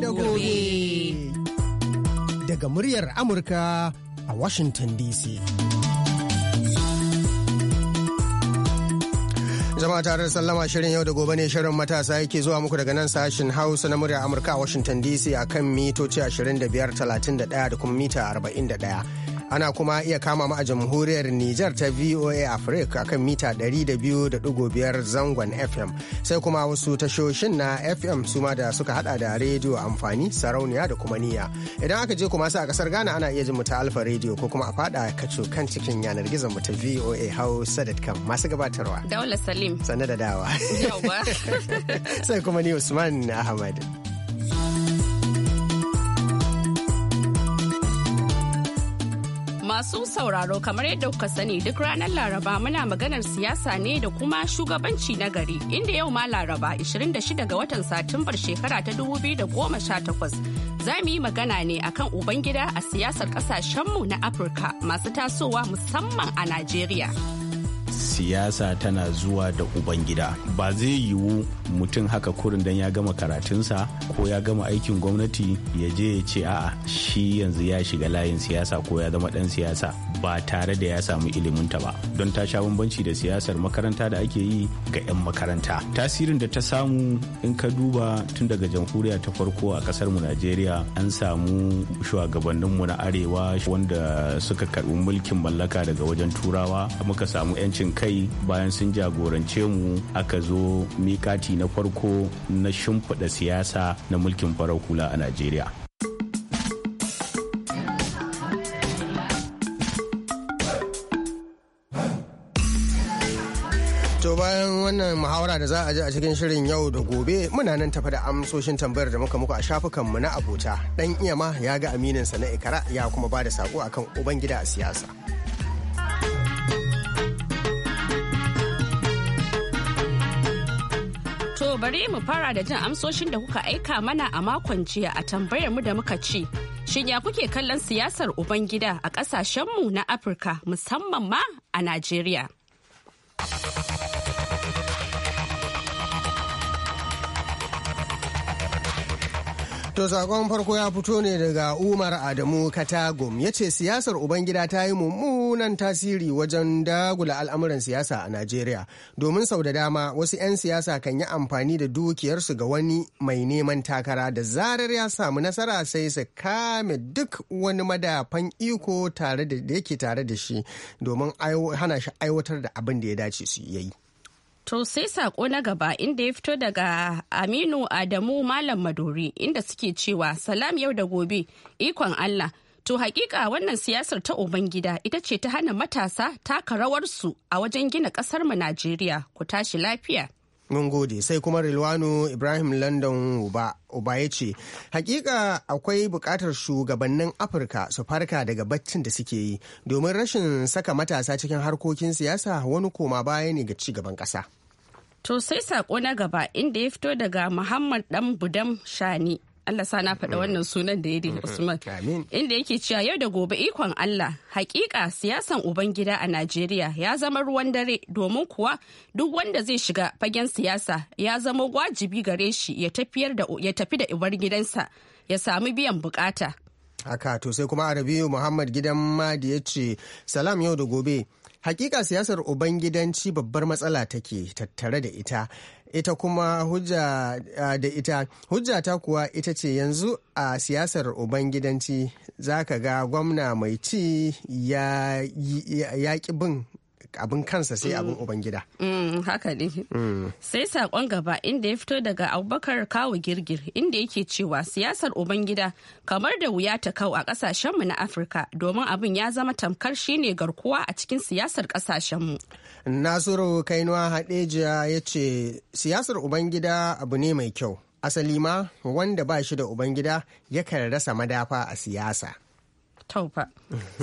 da gobe. Daga muryar Amurka a Washington DC. Jama'a tare da sallama shirin yau da gobe ne shirin matasa yake zuwa muku daga nan sashen Hausa na muryar Amurka a Washington DC akan mitoci 25, 31 da kuma mita 41. ana kuma iya kama mu a jamhuriyar Nijar ta VOA Africa akan mita 200.5 zangon FM sai kuma wasu tashoshin na FM suma da suka hada da rediyo amfani sarauniya da kuma niya idan aka je kuma sa a kasar Ghana ana iya jin mu ta Alfa rediyo ko kuma a fada kacu kan cikin yanar gizon mu ta VOA Hausa.com masu gabatarwa Daula Salim sanne da dawa sai kuma ni Usman Ahmad Masu sauraro kamar yadda kuka sani duk ranar Laraba muna maganar siyasa ne da kuma shugabanci na gari inda yau ma Laraba 26 ga watan Satumbar shekara ta 2018 za mu yi magana ne akan Ubangida a siyasar kasashenmu na Afirka masu tasowa musamman a Najeriya. siyasa tana zuwa da ubangida ba zai yiwu mutum haka kurin dan ya gama karatunsa ko ya gama aikin gwamnati ya je ya ce a'a shi yanzu ya shiga layin siyasa ko ya zama dan siyasa ba tare da ya samu ilimin ta ba don ta sha bambanci da siyasar makaranta da ake yi ga 'yan makaranta tasirin da ta samu in ka duba tun daga jamhuriya ta farko a kasar mu najeriya an samu shugabannin mu na arewa wanda suka karbi mulkin mallaka daga wajen turawa muka samu 'yancin kai bayan sun jagorance mu aka zo mikati na farko na shimfiɗa siyasa na mulkin farar hula a najeriya to bayan wannan muhawara da za a ji a cikin shirin yau da gobe muna nan tafa da amsoshin tambayar da muka muku a shafukanmu na abota dan iyama ya ga amininsa na ikara ya kuma ba da sako akan ubangida a siyasa bari mu fara da jin amsoshin da kuka aika mana a makon jiya a tambayar mu da muka ce. Shin ya kuke kallon siyasar Ubangida a ƙasashenmu na Afirka musamman ma a Najeriya? To sakon farko ya fito ne daga Umar Adamu Katagum ya ce siyasar Ubangida ta yi mummunan tasiri wajen dagula al'amuran siyasa a Najeriya. Domin sau da dama wasu 'yan siyasa kan yi amfani da dukiyarsu ga wani mai neman takara da zarar ya samu nasara sai su kame duk wani madafan iko tare da yake tare da shi domin hana shi aiwatar da abin da ya dace su yi. To sai sako na gaba inda ya fito daga Aminu Adamu Malam Madori inda suke cewa salam yau da gobe ikon Allah. To hakika wannan siyasar ta Ubangida ita ce ta hana matasa taka rawarsu a wajen gina ƙasarmu Najeriya ku tashi lafiya. mun gode sai kuma rilwano ibrahim london uba ya ce hakika akwai bukatar shugabannin afirka su farka daga baccin da suke yi domin rashin saka matasa cikin harkokin siyasa wani koma baya ne ga cigaban kasa to sai sako na gaba inda ya fito daga muhammad dan budam shani Allah sa na faɗa mm. wannan sunan da ya dai Usman. Inda yake cewa yau da gobe ikon Allah hakika siyasan Ubangida a Najeriya ya zama ruwan dare domin kuwa duk wanda zai shiga fagen siyasa ya zama wajibi gare shi ya tafi da ubar gidansa ya samu biyan bukata. Haka to sai kuma Arabiyu Muhammad Gidan Madi ya ce salam yau da gobe. hakika siyasar ubangidanci babbar matsala take tattare da ita ita kuma hujja da ita hujja ta kuwa ita ce yanzu a siyasar ubangidanci za ga gwamna mai ci ya, ya, bin abin kansa sai abin ubangida. Mm, haka ne. Mm. Sai saƙon gaba inda ya fito daga Abubakar kawo Girgir inda yake cewa siyasar ubangida kamar da wuya ta kau a ƙasashenmu na Afirka domin abin ya zama tamkar shine garkuwa a cikin siyasar ƙasashenmu. Nasiru Kainuwa Hadejiya ya ce siyasar ubangida abu ne mai kyau. Asali ma wanda ba shi da ubangida yakan rasa madafa a siyasa. taufa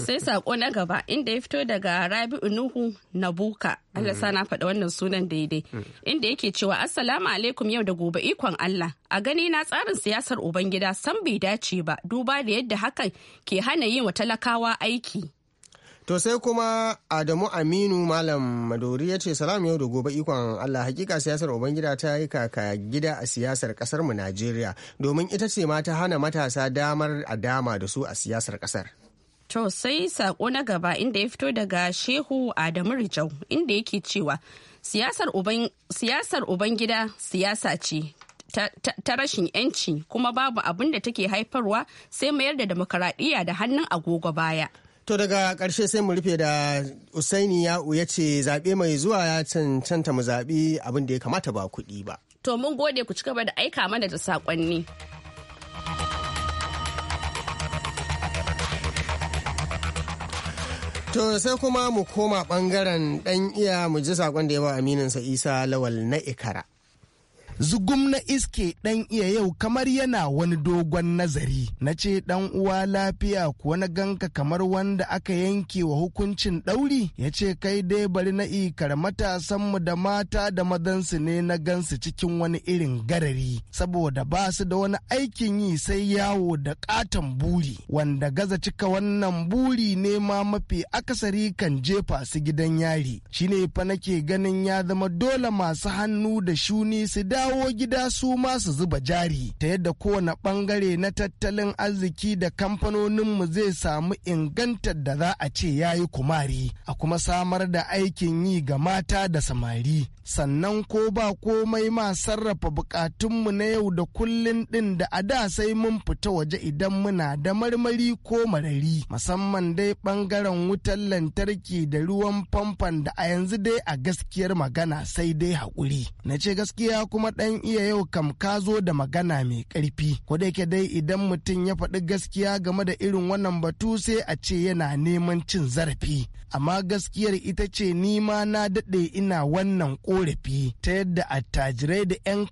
sai sako na gaba inda ya fito daga rabi'u nuhu nabuka allah sa na faɗa wannan sunan daidai inda yake cewa assalamu alaikum yau da gobe ikon allah a gani na tsarin siyasar ubangida san bai dace ba duba da yadda hakan ke hana yin wa talakawa aiki To sai kuma Adamu Aminu Malam Madori ya ce salam yau da gobe ikon Allah hakika siyasar Ubangida ta yi kaka gida a siyasar kasar mu Najeriya domin ita ce ma ta hana matasa damar a dama da su a siyasar kasar. To sai sako na gaba inda ya fito daga Shehu Adamu Rijau inda yake cewa siyasar Ubangida siyasa ce ta, ta, ta rashin yanci kuma babu abin da take haifarwa sai mayar da demokaradiyya da hannun agogo baya. To daga ƙarshe sai mu rufe da Usaini Ya'u ya ce zaɓe mai zuwa ya cancanta mu zaɓi abin da ya kamata ba kuɗi ba. To mun gode ku ci gaba da aika mana da saƙonni. To sai kuma mu koma ɓangaren ɗan iya mu ji saƙon da ya ba aminin sa Isa Lawal na Ikara. zugum na iske ɗan iya yau kamar yana wani dogon nazari na ce ɗan uwa lafiya kuwa na ganka kamar wanda aka yanke wa hukuncin ɗauri ya ce kai dai bari na ikar matasanmu da mata da madansu ne na gansu cikin wani irin garari saboda ba su da wani aikin yi sai yawo da ƙaton buri wanda gaza cika wannan buri ne ma mafi akasari kan jefa su gidan yari shine fa nake ganin ya zama dole masu hannu da shuni su dawo kawo gida su masu zuba jari ta yadda kowane bangare na tattalin arziki da kamfanoninmu zai samu ingantar da za a ce ya yi kumari a kuma samar da aikin yi ga mata da samari sannan ko ba komai ma sarrafa bukatunmu na yau da kullun ɗin da a da sai mun fita waje idan muna da marmari ko marari musamman dai ɓangaren wutar lantarki da ruwan famfan da a yanzu dai a gaskiyar magana sai dai haƙuri na ce gaskiya kuma ɗan iya yau kam ka zo da magana mai ƙarfi ko da yake dai idan mutum ya faɗi gaskiya game da irin wannan batu sai a ce yana neman cin zarafi amma gaskiyar ita ce ni ma na daɗe ina wannan korafi ta yadda attajirai da 'yan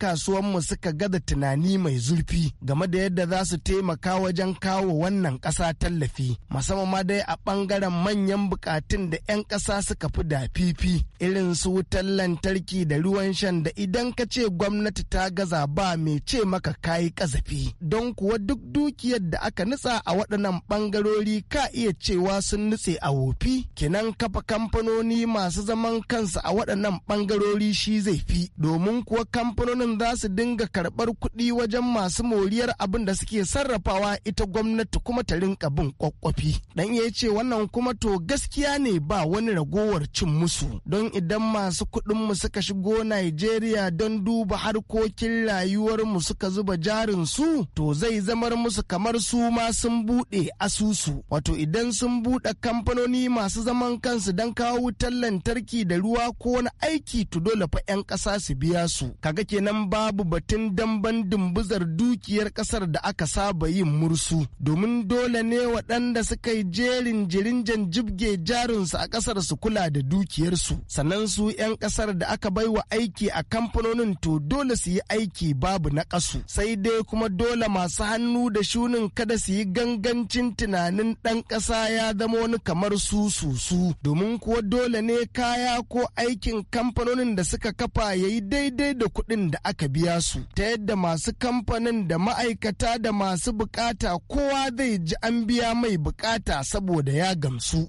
mu suka gada tunani mai zurfi game da yadda za su taimaka wajen kawo wannan ƙasa tallafi musamman ma dai a bangaren manyan bukatun da 'yan ƙasa suka fi da fifi. irin su wutar lantarki da ruwan shan da idan ka ce gwamnati ta gaza ba mai ce maka kayi kazafi. don kuwa duk dukiyar da aka nutsa a waɗannan ɓangarori ka iya cewa sun nutse a wofi kinan kafa kamfanoni masu zaman kansu a waɗannan ɓangarori daloli shi zai fi domin kuwa kamfanonin za su dinga karɓar kuɗi wajen masu moriyar abin da suke sarrafawa ita gwamnati kuma ta rinka bin kwakwafi dan ya ce wannan kuma to gaskiya ne ba wani ragowar cin musu don idan masu kuɗin mu suka shigo Najeriya don duba harkokin rayuwar mu suka zuba jarin su to zai zamar musu kamar su ma sun buɗe asusu wato idan sun buɗe kamfanoni masu zaman kansu don kawo wutar lantarki da ruwa ko wani aiki to su dole fa 'yan ƙasa su biya su kaga kenan babu batun damban dumbuzar dukiyar ƙasar da aka saba yin mursu domin dole ne waɗanda suka yi jerin jirinjan jibge jarinsu a ƙasar su kula da dukiyarsu sannan su 'yan ƙasar da aka bai wa aiki a kamfanonin to dole su yi aiki babu na ƙasu sai dai kuma dole masu hannu da shunin kada su yi gangancin tunanin ɗan ƙasa ya zama wani kamar su su su domin kuwa dole ne kaya ko aikin kamfanonin kuɗin da suka kafa ya yi daidai da kuɗin da aka biya su ta yadda masu kamfanin da ma'aikata da masu bukata kowa zai ji an biya mai bukata saboda ya gamsu.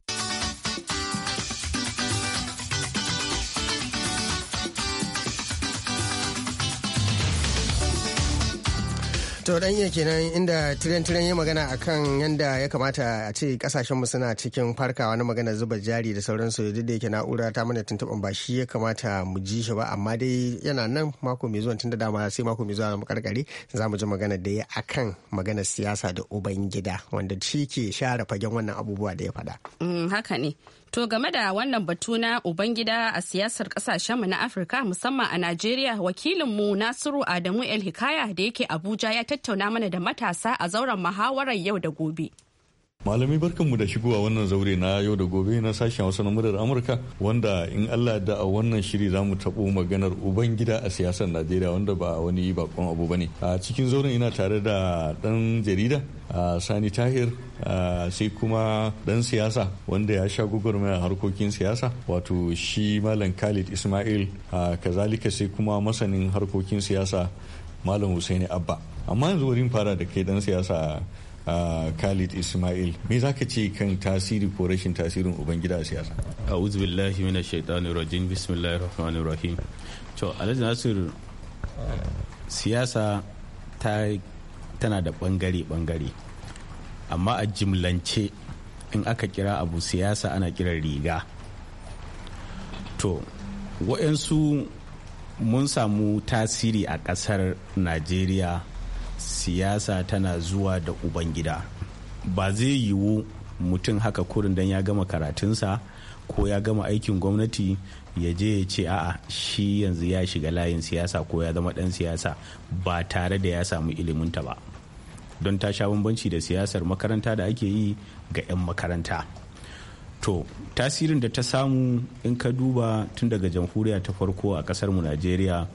to dan iya kenan inda tiren tiren ya magana akan yadda ya kamata a ce kasashen mu suna cikin farka wani magana zuba jari da sauransu duk da yake na'ura ta mana tuntuɓin ba shi ya kamata mu ji shi ba amma dai yana nan mako mai zuwa tunda dama sai mako mai zuwa mu karkare za mu ji magana da ya akan magana siyasa da ubangida wanda shi ke share fagen wannan abubuwa da ya faɗa. Mm, haka ne To game da wannan batu na Ubangida a siyasar kasashenmu na Afirka musamman a Najeriya wakilinmu Nasiru Adamu El Hikaya da yake Abuja ya tattauna mana da matasa a zauren muhawarar yau da gobe. Malami barkanmu da shigowa wannan zaure na yau da gobe na sashen wasu na muryar Amurka wanda in Allah da a wannan shiri za mu taɓo maganar uban gida a siyasar Najeriya wanda ba wani bakon abu bane. A cikin zauren ina tare da ɗan jarida Sani Tahir sai kuma ɗan siyasa wanda ya sha gugurmayar harkokin siyasa wato shi Malam Khalid Ismail kazalika sai kuma masanin harkokin siyasa Malam Hussaini Abba. Amma yanzu wurin fara da kai ɗan siyasa khalid ismail me za ka ce kan tasiri ko rashin tasirin ubangida a siyasa a'udhu billahi mina shaitanir rajin bismillahi rahmanir rahim to alhaji nasir siyasa ta tana da bangare bangare amma a jimlance in aka kira abu siyasa ana kiran riga to waɗansu mun samu tasiri a ƙasar najeriya siyasa tana zuwa da ubangida ba zai yiwu mutum haka kurin dan ya gama karatunsa ko ya gama aikin gwamnati ya je ya ce a'a shi yanzu ya shiga layin siyasa ko ya zama dan siyasa ba tare da ya samu iliminta ba don ta sha bambanci da siyasar makaranta da ake yi ga 'yan makaranta to tasirin da ta samu in ka duba tun daga jamhuriya ta farko a kasar mu najeriya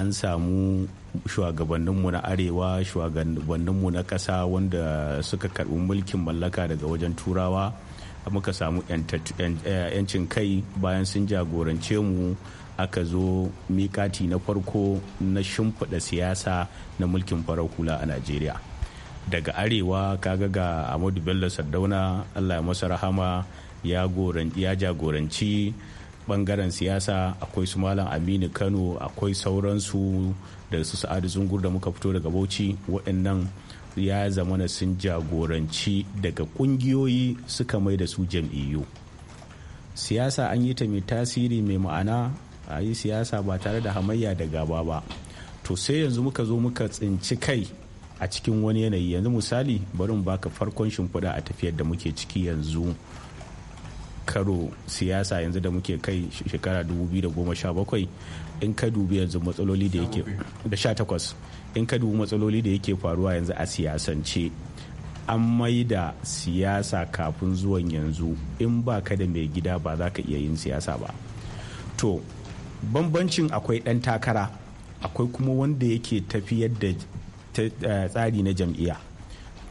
an samu shugabanninmu na arewa shugabanninmu na ƙasa wanda suka karɓi mulkin mallaka daga wajen turawa muka samu 'yancin eh, kai bayan sun jagorance mu aka zo mikati na farko na shimfiɗa siyasa na mulkin farar hula a najeriya daga arewa kaga ga amadu bello sardauna allah ya masa rahama ya jagoranci bangaren siyasa akwai su malam aminu kano akwai sauransu da su sa'adu zungur da muka fito daga bauchi waɗannan ya na sun jagoranci daga kungiyoyi suka mai da su jam'iyyu siyasa an yi ta mai tasiri mai ma'ana a yi siyasa ba tare da hamayya da gaba ba to sai yanzu muka zo muka tsinci kai a cikin wani yanayi yanzu misali barin baka farkon shimfiɗa a tafiyar da muke ciki yanzu karo siyasa yanzu da muke kai shekara 2017 in ka dubi yanzu matsaloli da yake da 18 in ka dubi matsaloli da yake faruwa yanzu a siyasance an mai da siyasa kafin zuwan yanzu in ba ka da mai gida ba za ka iya yin siyasa ba to bambancin akwai ɗan takara akwai kuma wanda yake tafiyar da eh, tsari na jam'iyya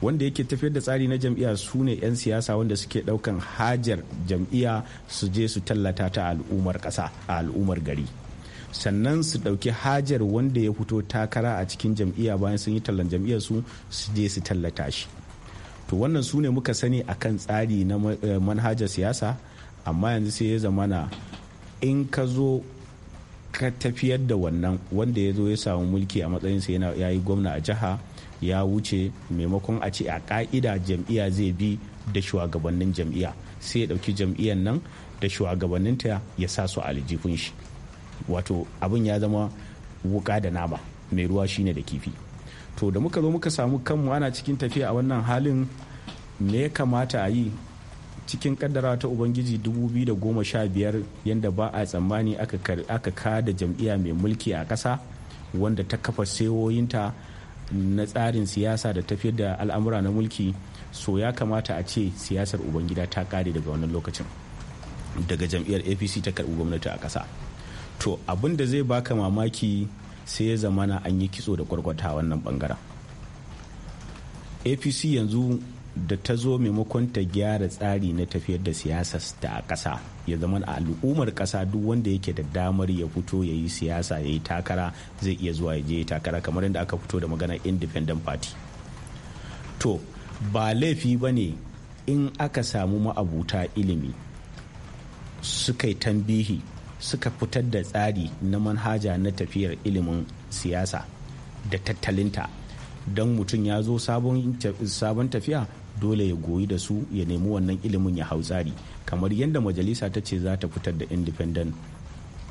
wanda yake tafiyar da tsari na jam'iyya su ne 'yan siyasa wanda suke daukan hajar jam'iyya su je su tallata ta al'ummar ƙasa a al'ummar gari sannan su ɗauki hajar wanda ya fito takara a cikin jam'iyya bayan sun yi tallan jam'iyyar su su je su tallata shi to wannan su ne muka sani akan tsari na eh, manhajar siyasa amma yanzu sai ya zamana in ka zo ka tafiyar da wannan wanda ya zo ya samu mulki a matsayin matsayinsa yana yayi gwamna a jiha ya wuce maimakon a ce a ka'ida jam'iyya zai bi da shugabannin jam'iyya sai ya ɗauki jam'iyyar nan da shugabanninta ya sa su aljifin shi wato abin ya zama wuka da nama mai ruwa shine da kifi to da muka zo muka samu kanmu ana cikin tafiya a wannan halin me ya kamata a yi cikin kaddara ta ubangiji 2015 yadda ba a tsammani aka kada jam'iyya mai mulki a ƙasa wanda ta kafa sewoyinta na tsarin siyasa da tafiyar da al'amura na mulki so ya kamata a ce siyasar ubangida ta kare daga wannan lokacin daga jam'iyyar apc ta karbi gwamnati a ƙasa to abin da zai baka mamaki sai ya zamana an yi kitso da kwarkwata wannan bangaren apc yanzu da ta zo maimakon ta gyara tsari na tafiyar da siyasa ta a ƙasa ya zama a al'ummar ƙasa duk wanda yake da damar ya fito ya yi siyasa ya yi takara zai iya zuwa ya je ya takara kamar yadda aka fito da magana independent party to ba laifi ba ne in aka samu ma'abuta ilimi suka yi tambihi suka fitar da tsari na manhaja na tafiyar ilimin siyasa da tattalinta don mutum ya zo sabon tafiya dole ya goyi da su ya nemi wannan ilimin ya hau tsari kamar yadda majalisa ta ce za ta fitar da independent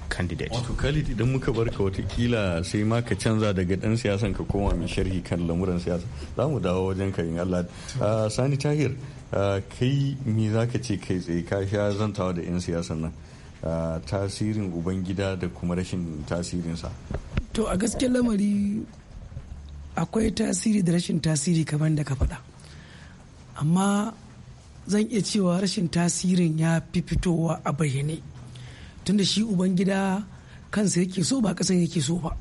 candidate. Wato Khalid idan muka bar ka watakila sai ma ka canza daga dan siyasan ka koma mai sharhi kan lamuran siyasa. Za mu dawo wajen ka yin Allah. Ah, Sani Tahir, ah, kai me za ka ce kai tsaye ka sha zantawa da 'yan siyasan nan. Ah, tasirin Ubangida da kuma rashin tasirinsa. To a gaskiyar lamari akwai tasiri da rashin tasiri kamar da ka faɗa. amma zan iya cewa rashin tasirin ya fi fitowa a bayyane tunda shi ubangida kansa yake so ba kasan yake so ba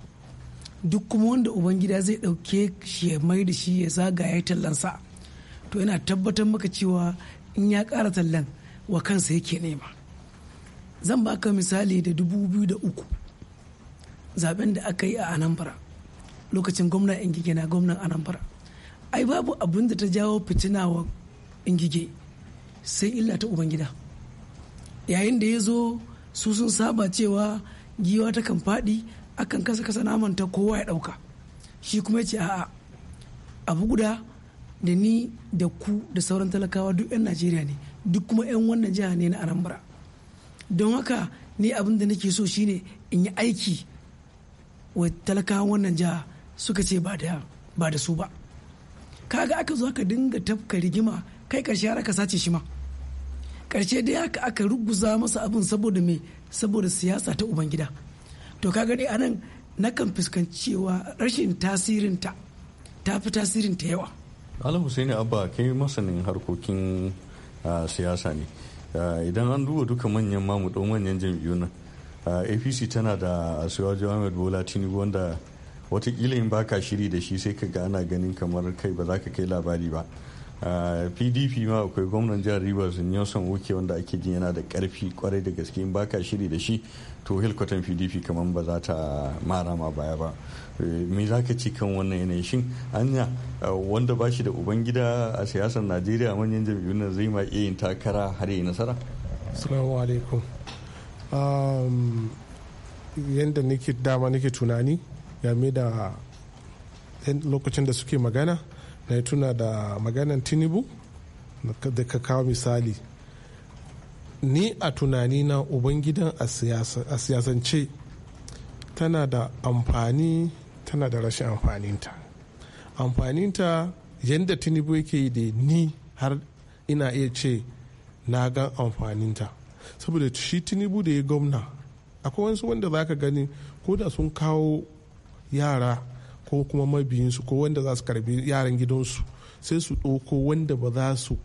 duk kuma wanda ubangida zai ɗauke shi ya mai da shi ya zagaya tallansa to yana tabbatar maka cewa in ya ƙara tallan wa kansa yake nema zan baka misali da dubu biyu da uku zaben da aka yi a anambra lokacin gwamnan ingige na gwamnan anambra ai babu abin da ta jawo fitina wa ingige sai illa ta ubangida yayin da ya zo su sun saba cewa giwa ta kan faɗi akan kasa kasa naman ta kowa ya ɗauka shi kuma ya ce a'a abu guda da ni da ku da sauran talakawa duk 'yan najeriya ne duk kuma 'yan wannan jiha ne na anambra don haka ni abin da nake so shine in yi aiki wa talakawan wannan jiha suka ce ba da su ba kaga aka zo aka dinga tafka rigima kai karshe har aka sace shi ma karshe dai haka aka ruguza masa abin saboda me saboda siyasa ta ubangida to kaga dai anan nakan fuskanci cewa rashin tasirinta ta fi tasirinta yawa malam husaini abba kai masanin harkokin ah, siyasa ne ah, idan an duba duka manyan mamu manyan jam'iyyu nan apc ah, tana da asuwa ahmed bola tinubu wanda watakila in baka shiri da shi sai ka gana ganin kamar kai ba za ka kai labari ba pdp ma akwai gwamnan jihar rivers nelson wuke wanda ake jin yana da karfi kwarai da gaske in baka shiri da shi to hilkwatan pdp kamar ba za ta mara ma baya ba e, me za ka ci kan wannan yanayi shin anya wanda ba shi da ubangida a siyasar najeriya manyan jam'iyyun nan zai ma iya yin takara har yi nasara assalamu alaikum yadda nake dama nake tunani game da lokacin da suke magana na tuna da maganan tinubu da ka kawo misali ni a tunani na ubangidan a siyasance tana da amfani tana da rashin amfaninta amfaninta yadda tinubu yake yi da ni har ina iya ce na ga amfaninta saboda shi tinubu da ya gwamna akwai wasu wanda za ka gani ko da sun kawo yara ko kuma mabiyinsu ko wanda za su karbi yaran gidansu sai su ɗauko wanda ba za su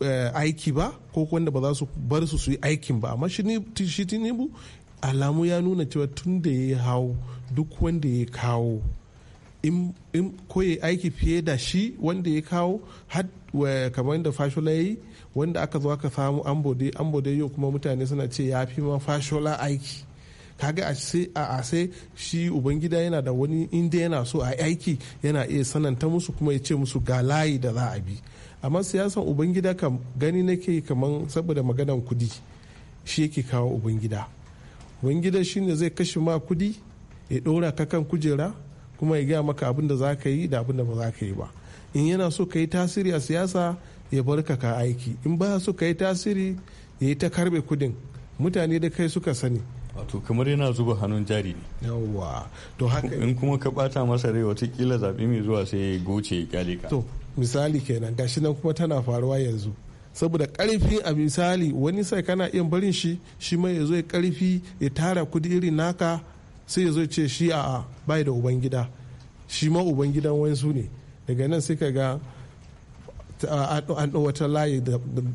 eh, aiki ba ko wanda ba za su bar su su yi aikin ba amma shi bu alamu ya nuna cewa tun da ya hau duk wanda ya kawo in ko ya aiki fiye da shi wanda ya kawo eh, kamar da fashola ya yi wanda aka zo aka samu ambode ambode yau kuma mutane suna ce ya fi ma fashola aiki kaga a sai a ase shi ubangida yana da wani inda yana so a aiki yana iya sananta musu kuma ya ce musu ga layi da za a bi amma siyasan ubangida kam gani nake kaman saboda maganan kudi shi yake kawo ubangida ubangida shine zai kashe ma kudi ya ɗora ka kan kujera kuma ya gaya maka abin da za ka yi da abin da ba za ka yi ba in yana so ka yi tasiri a siyasa ya bar ka ka aiki in ba so ka yi tasiri ya yi ta karbe kudin mutane da kai suka sani wato kamar yana zuba hannun jari ne yawwa to haka in kuma ka bata masa rai wata kila zaɓe mai zuwa sai ya goce ya to misali kenan gashi nan kuma tana faruwa yanzu saboda karfi a misali wani sai kana iya barin shi shi mai ya zo ya karfi ya tara kudi irin naka sai ya zo ce shi a bai da ubangida shi ma ubangidan wansu ne daga nan sai ka ga an wata layi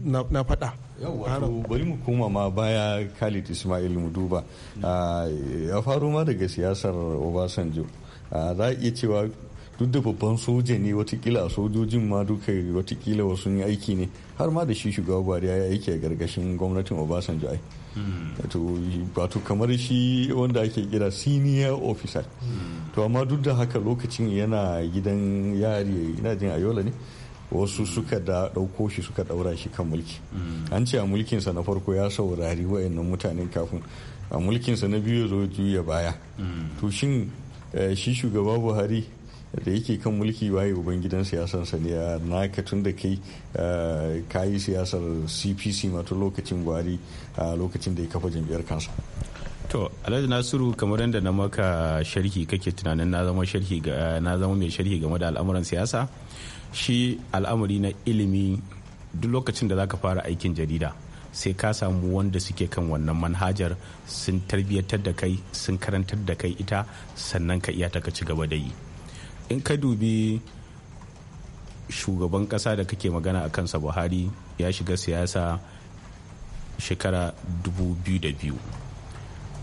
na faɗa yau bari mu koma ma baya khalid ismail mu duba mm. ah, ya faro ma daga siyasar obasanjo ah, za a iya cewa duk da babban soja ne watakila a sojojin ma duka watakila wasu yi aiki ne har ma da shi shugaba buhari ya yi aiki a gargashin gwamnatin obasanjo ai mm. wato kamar shi wanda ake kira senior officer mm. to amma duk da haka lokacin yana gidan yari yana jin ayola ne wasu suka da ɗauko shi suka ɗaura shi kan mulki mm. an ce a mulkinsa na farko ya saurari wayannan mutanen kafin a mulkinsa na biyu ya zo juya baya mm. to shin eh, shi shugaba buhari da yake kan mulki waye ubangidan siyasar sa ne a naka tun da kai eh, kayi siyasar cpc mato lokacin buhari a lokacin da ya kafa jam'iyyar kansa to alhaji nasiru kamar yadda na maka sharhi kake tunanin na zama sharhi na zama mai sharhi game da al'amuran siyasa shi al'amari na ilimi duk lokacin da zaka fara aikin jarida sai ka samu wanda suke kan wannan manhajar sun tarbiyyatar da kai sun karantar da kai ita sannan ka iya ka ci gaba da yi in ka dubi shugaban kasa da kake magana a kansa buhari ya shiga siyasa shekara 2002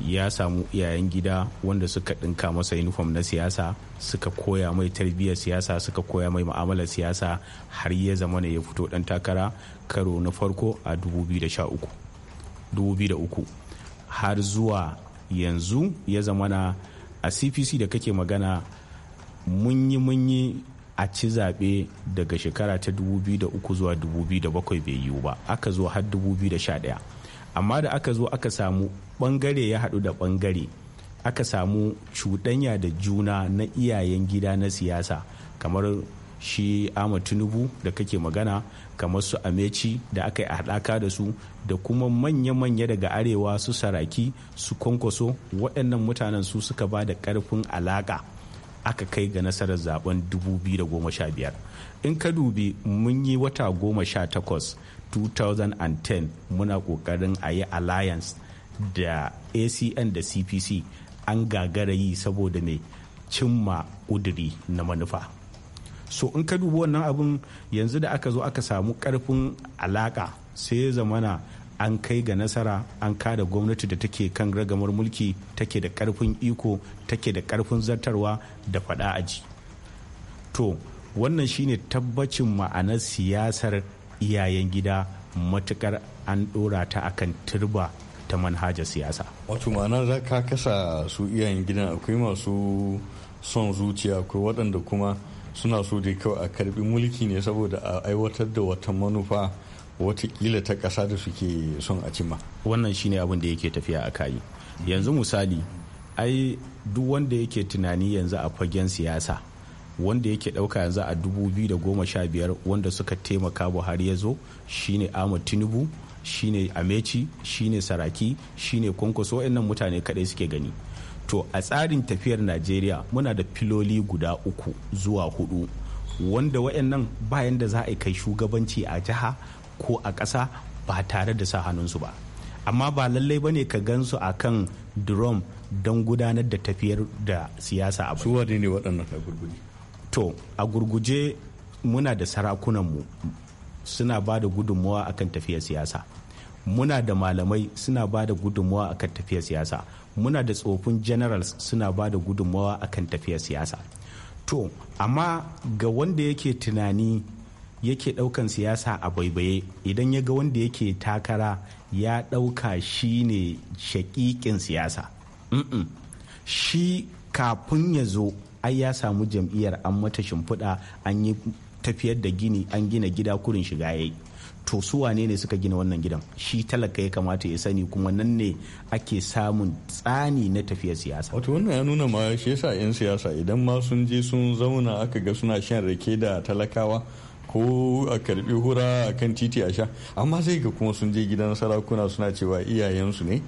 ya samu iyayen gida wanda suka ɗinka masa uniform na siyasa suka koya mai tarbiyyar siyasa suka koya mai ma'amalar siyasa har ya zama ne ya fito ɗan takara karo na farko a 2003 har zuwa yanzu ya zama na a cpc da kake magana munyi munyi a ci zaɓe daga shekara ta 2003 zuwa 2007 bai yiwu ba aka zo har 2011 amma da aka zo aka samu bangare ya haɗu da bangare aka samu cuɗanya da juna na iyayen gida na siyasa kamar shi ama tinubu da kake magana kamar su ameci da aka yi haɗaka da su da kuma manya-manya daga arewa su saraki su kwankwaso waɗannan mutanen su suka ba da ƙarfin alaƙa aka kai ga nasarar zaben 2015 in ka dubi mun yi wata goma sha takwas 2010 muna kokarin a yi alliance da acn da cpc an gagara yi saboda ne cimma kuduri na manufa so in ka duba wannan abin yanzu da aka zo aka samu karfin alaka sai zamana an kai ga nasara an kada gwamnati da take kan ragamar mulki take da karfin iko take da karfin zartarwa da fada aji to wannan shine tabbacin ma'anar siyasar iyayen gida matukar an ɗorata ta akan turba ta manhajar siyasa. Wato ma'ana za ka kasa su iyayen gidan akwai masu son zuciya akwai waɗanda kuma suna so dai kawai a karbi mulki ne saboda a aiwatar da wata manufa watakila ta ƙasa da suke son a cima Wannan shine abin da yake tafiya a kayi. Yanzu misali, ai duk wanda yake tunani yanzu a fagen siyasa wanda yake ɗauka yanzu a 2015 wanda suka taimaka buhari ya zo shine ahmad tinubu shine amechi shine saraki shine kwankwaso waɗannan mutane kadai suke gani to a tsarin tafiyar najeriya muna da filoli guda uku zuwa hudu wanda waɗannan bayan da za a kai shugabanci a jiha ko a ƙasa ba tare da sa hannunsu ba amma ba lallai bane ka gansu a kan drum don gudanar da tafiyar da siyasa a su ne waɗannan to a gurguje muna da sarakunanmu suna ba da gudunmawa akan tafiyar siyasa muna da malamai suna ba da gudunmawa akan tafiyar siyasa muna da tsofin generals suna ba da gudunmawa akan tafiyar siyasa to amma ga wanda yake tunani yake daukan siyasa a baibaye idan ya ga wanda yake takara ya dauka shi ne shakikin siyasa mm shi kafin ya zo ai ya samu jam'iyyar an mata shimfiɗa an yi tafiyar da gini an gina gida kurin shiga yi to su wane ne suka gina wannan gidan shi talaka ya kamata ya sani kuma nan ne ake samun tsani na tafiyar siyasa wato wannan ya nuna ma shi yasa yan siyasa idan ma sun je sun zauna aka ga suna shan rake da talakawa ko a karbi hura akan kan titi a sha amma sai ga kuma sun je gidan sarakuna suna cewa iyayensu ne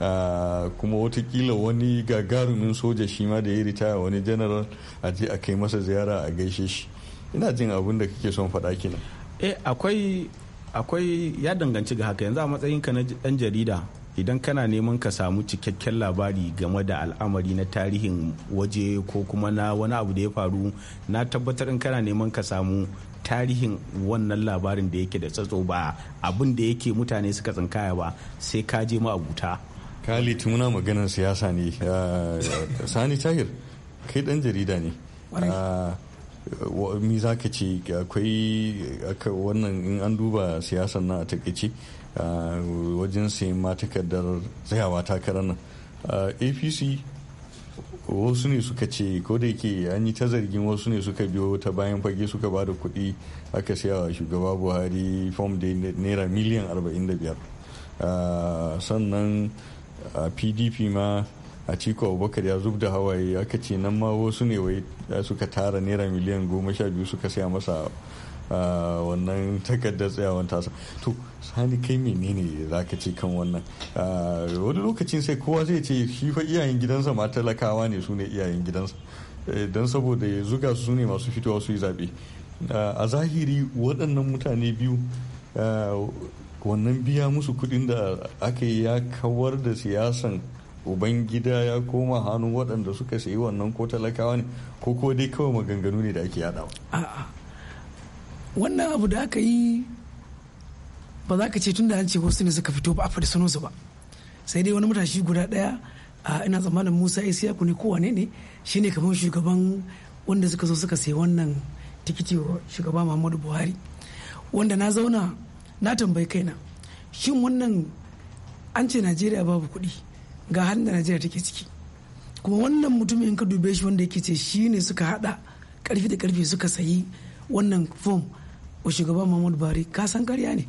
Ah, kuma watakila wani gagarumin soja shi ma da ya ritaya wani general a je a kai masa ziyara a gaishe shi ina jin abin da kake son faɗa kenan eh akwai akwai ya danganci ga haka yanzu a ka na dan jarida idan kana neman ka samu cikakken labari game da al'amari na tarihin waje ko kuma na wani abu da ya faru na tabbatar in kana neman ka samu tarihin wannan labarin da yake da tsatso ba abin da yake mutane suka tsinkaya ba sai ka je ma abuta kali muna maganar siyasa ne sani tahir kai dan jarida ne ah, mi za ka ce akwai wannan in an duba siyasar nan a takaice ah, wajen sayan ma takardar tsayawa takarar nan apc ah, wasu ne suka ce ko da yake an yi ta zargin wasu ne suka biyo ta bayan fage suka ba da kuɗi aka siya wa shugaba buhari fom da naira miliyan 45 sannan a pdp ma a ciko abubakar ya zub da hawaye aka ce nan ma wasu ne wai suka tara naira miliyan goma sha biyu suka saya masa wannan takardar tsayawan tasa to sani kai menene za ka ce kan wannan wani lokacin sai kowa zai ce shi fa iyayen gidansa ma talakawa ne su ne iyayen gidansa eh, don saboda ya zuga su ne masu fitowa su yi zaɓe a zahiri waɗannan mutane biyu wannan biya musu kuɗin da aka ya kawar da siyasan ubangida ya koma hannun waɗanda suka sayi wannan ko talakawa ne ko ko dai kawai maganganu ne da ake yadawa a'a wannan abu da aka yi ba za ka ce tun da an ce wasu ne suka fito ba a faɗi sunansu ba sai dai wani matashi guda ɗaya a ina tsammanin musa ya isiyaku ne wane ne shine kamar shugaban wanda suka zo suka sayi wannan tikiti shugaba muhammadu buhari wanda na zauna na tambayi kaina shin wannan an ce najeriya babu kuɗi ga halin da najeriya take ciki kuma wannan mutumin in ka dube shi wanda yake ce shi ne suka hada karfi da karfi suka sayi wannan fom wa shugaban muhammadu buhari ka san karya ne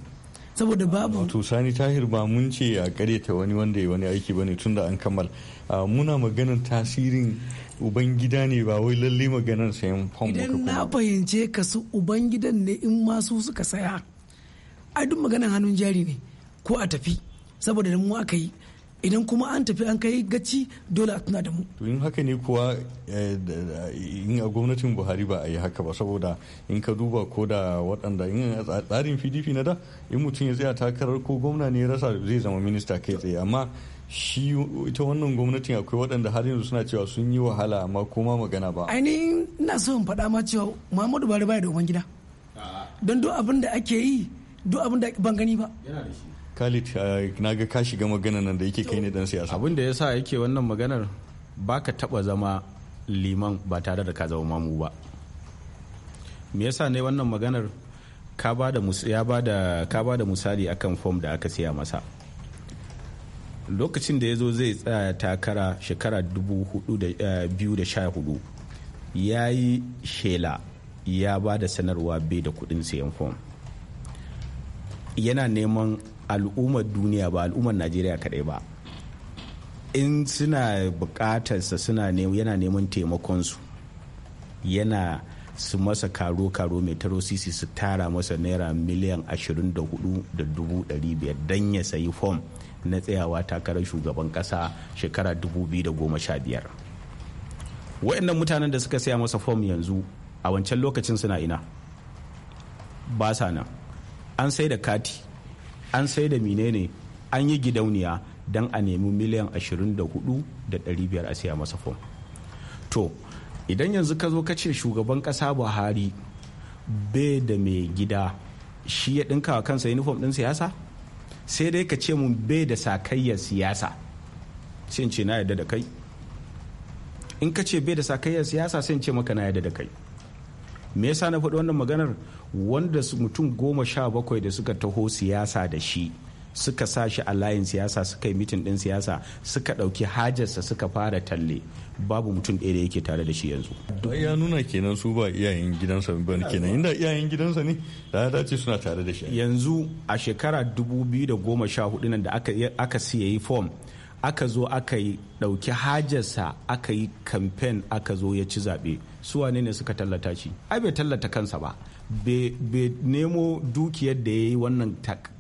saboda babu wato sani tahir ba mun ce a ta wani wanda ya wani aiki bane tunda an kammala ah, muna maganar tasirin ubangida ne ba wai lalle maganar sayan fom idan na fahimce ka su ubangidan ne in ma su suka saya ai duk maganan hannun jari ne ko a tafi saboda da mu aka yi idan kuma an tafi an kai gaci dole a tuna da mu. To in haka ne kuwa eh, in a gwamnatin Buhari ba a yi haka ba saboda in ka duba ko da waɗanda in tsarin PDP na da in mutum ya tsaya takarar ko gwamna ne rasa zai zama minista kai tsaye amma shi ita wannan gwamnatin akwai waɗanda har yanzu suna cewa sun yi wahala amma kuma magana ba. Ainihin ina so in faɗa ma cewa Muhammadu Buhari baya da ubangida. Don duk abin da ake yi duk abin da ban gani ba Khalid uh, na ga ka shiga magana nan da yake kai ne dan siyasa abin da yasa yake wannan maganar baka taɓa zama liman ba tare da ka zama mamu ba me yasa ne wannan maganar ka ba da misali akan fom da aka siya masa lokacin da ya zo zai tsaya takara shekara 2014 eh, ya yi shela ya ba da sanarwa bai da kudin siyan fom yana neman al'ummar duniya ba al'ummar najeriya kadai ba in suna bukatarsa suna yana neman taimakonsu yana su masa karo-karo mai taro sisi su tara masa naira miliyan 24,500 don ya sayi fom na tsayawa takarar shugaban kasa shekara 2015 waɗannan mutanen da suka saya masa fom yanzu a wancan lokacin suna ina ba sa nan an sai da kati an sai da menene an yi gidauniya don a nemi miliyan 24,500 a siya masa fom to idan yanzu ka zo ka ce shugaban kasa buhari bai da mai gida shi ya ɗinka wa kansa uniform ɗin siyasa sai dai ka ce mun bai da sakayyar siyasa sai ce na yarda da kai in ka ce bai da sakayyar siyasa sai ce maka na yarda da kai me yasa na faɗi wannan maganar wanda mutum goma sha bakwai da suka taho siyasa da shi suka sa shi a layin siyasa suka yi mitin ɗin siyasa suka ɗauki hajarsa suka fara talle babu mutum ɗaya da yake tare da shi yanzu. ya nuna kenan su ba iyayen gidansa ba kenan inda iyayen gidansa ne da ya dace suna tare da shi. yanzu a shekara 2014 nan da aka siya yi fom aka zo aka yi ɗauki hajarsa aka yi kamfen aka zo ya ci zaɓe. su wane ne suka tallata shi ai bai tallata kansa ba bai nemo dukiyar da ya yi wannan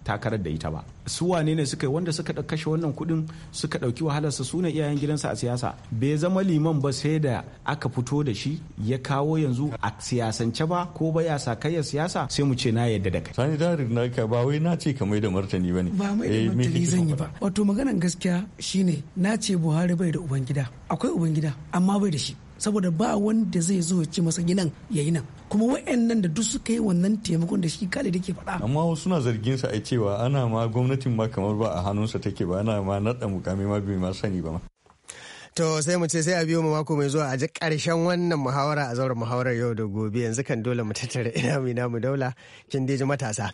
takarar da ita ba su wane ne suka wanda suka kashe wannan kudin suka dauki wahalarsa su ne iyayen gidansa a siyasa bai zama liman ba sai da aka fito da shi ya kawo yanzu a siyasance ba ko ba ya sakayyar siyasa sai mu ce na yadda da kai sani tarik na ka ba wai na ce ka mai da martani ne. ba mai da eh, martani zan yi ba wato maganan gaskiya shine na ce Buhari bai da ubangida akwai ubangida amma bai da shi saboda ba wanda zai zo ya ce masa ginan yayi nan kuma wa'annan da duk suka yi wannan taimakon da shi kale da ke faɗa. amma wasu na zargin sa a cewa ana ma gwamnatin ma kamar ba a hannunsa take ba ana ma naɗa mukami ma bai ma sani ba To sai mu ce sai a biyo mu mako mai zuwa a ji karshen wannan muhawara a zauren muhawarar yau da gobe yanzu kan dole mu tattara ina mu ina mu daula kin ji matasa.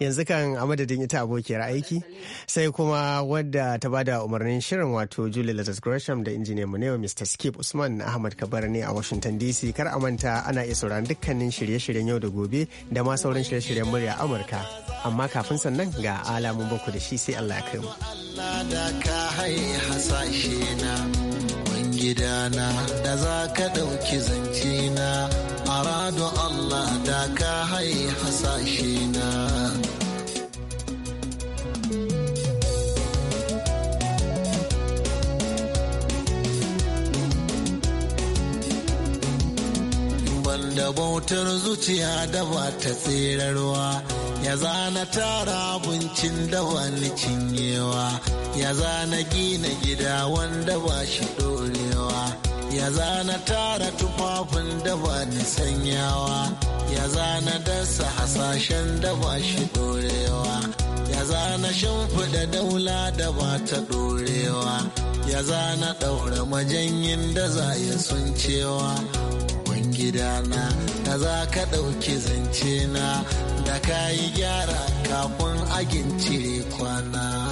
Yanzu kan a madadin ita abokiyar aiki sai kuma wadda ta bada umarnin shirin wato Julie Lazarus Gresham da injiniyan mu ne Mr. Skip Usman Ahmad Kabar ne a Washington DC kar a manta ana iya sauraron dukkanin shirye-shiryen yau da gobe da ma sauran shirye-shiryen murya Amurka amma kafin sannan ga alamun boko da shi sai Allah ya kai mu. Allah da hasashe na. gidana da za ka ɗauki zance na rado Allah da ka hai hasashe na banda bautar zuciya da ba ta tserarwa ya zana tara abincin da ba cinyewa ya zana gina gida wanda ba shi dorewa ya zana tara tufafin da ba ni sanyawa ya zana dasa hasashen da ba shi dorewa ya zana shimfiɗa daula da ba ta dorewa ya zana ɗaura majanyin da za ya sun cewa gidana da za ka ɗauki zance na da ka yi gyara kafin agin cire kwana